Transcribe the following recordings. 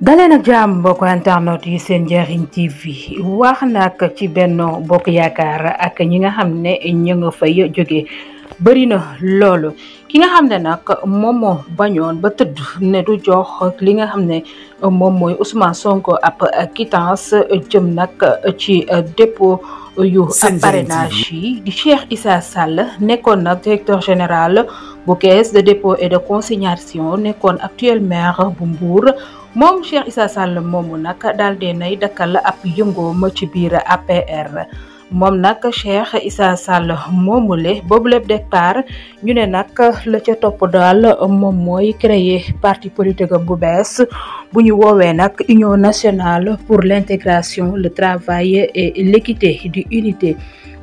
daleen ak jàmm mbokk internet yi seen njariñ TV wax nag ci benn Bokk Yaakaar ak ñi nga xam ne ñu nga fay jóge bëri na loolu ki nga xam ne nag moom moo bañoon ba tëdd ne du jox li nga xam ne moom mooy Ousmane Sonko ab quittance jëm nag ci dépôt yu parrainage yi di Cheikh Issa Sall nekkoon nag directeur général bu caisse de dépôt et de consignation nekkoon actuel maire bu Mbour moom Cheikh Issa Sall moomu nag daal di nay dakkal ab yëngoom ci biir APR mom nak Cheikh isa Sall momule boobu lépp départ ñu ne nag la ca topp daal créer parti politique bu bess bu ñu wowe nak Union nationale pour l'intégration le travail et l'équité du unité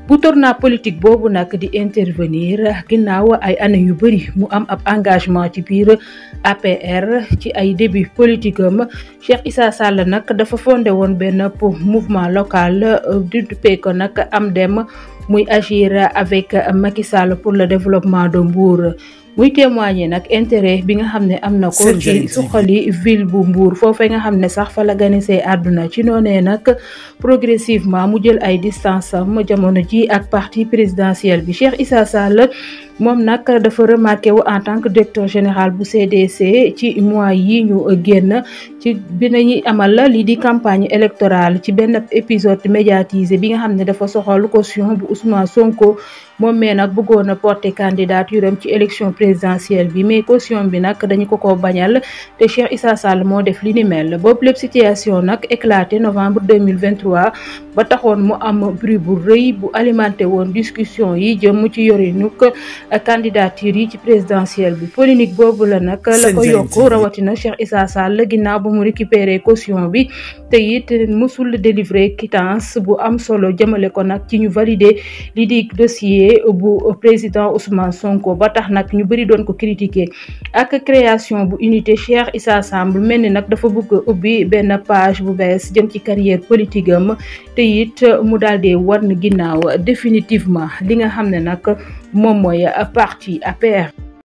bu tournant politique bobu nak di intervenir ginnaaw ay année yu bëri mu am ab engagement ci bir APR ci ay début politiqueum Cheikh Issa Sall nak dafa fondé won ben mouvement local euh, du peko nak am dem muy agir avec Macky Sall pour le développement de Mbour muy témoigner nag intéret bi nga xam ne am na ko ci suqali ville bu Mbour foofee nga xam ne sax fa la ganisee àdduna ci noonee nag progressivement mu jël ay distance am jamono ji ak parti présidentiel bi Cheikh Issa Sall moom nag dafa remarqué wu en tant que directeur général bu CDC ci mois yi ñu génn ci bi nañuy amal lii di campagne électorale ci benn épisode médiatisé bi nga xam ne dafa soxal caution bu Ousmane Sonko moom mee nag bëggoon a porter candidature am ci élection présidentielle bi mais caution bi nak dañu ko ko bañal te Cheikh Issa Sall mo def li ni mel situation nak éclaté novembre 2023 ba taxone mu am bruit bu reuy bu alimenté won discussion yi jëm ci nuk candidature yi ci présidentielle bi polémique bobu la nak la ko yokk rawatina Cheikh Issa Sall ginnaaw bu mu récupérer caution bi te it musul délivrer quittance bu am solo jëmale ko nak ci ñu valider li dossier bu président Ousmane Sonko ba tax nak ñu bëri doon ko critiquer ak création bu unité cher isa Samb mel nak dafa bëgg a ubbi benn page bu bees jëm ci carrière politique am te it mu one warn définitivement li nga xam ne nag moom mooy parti APR.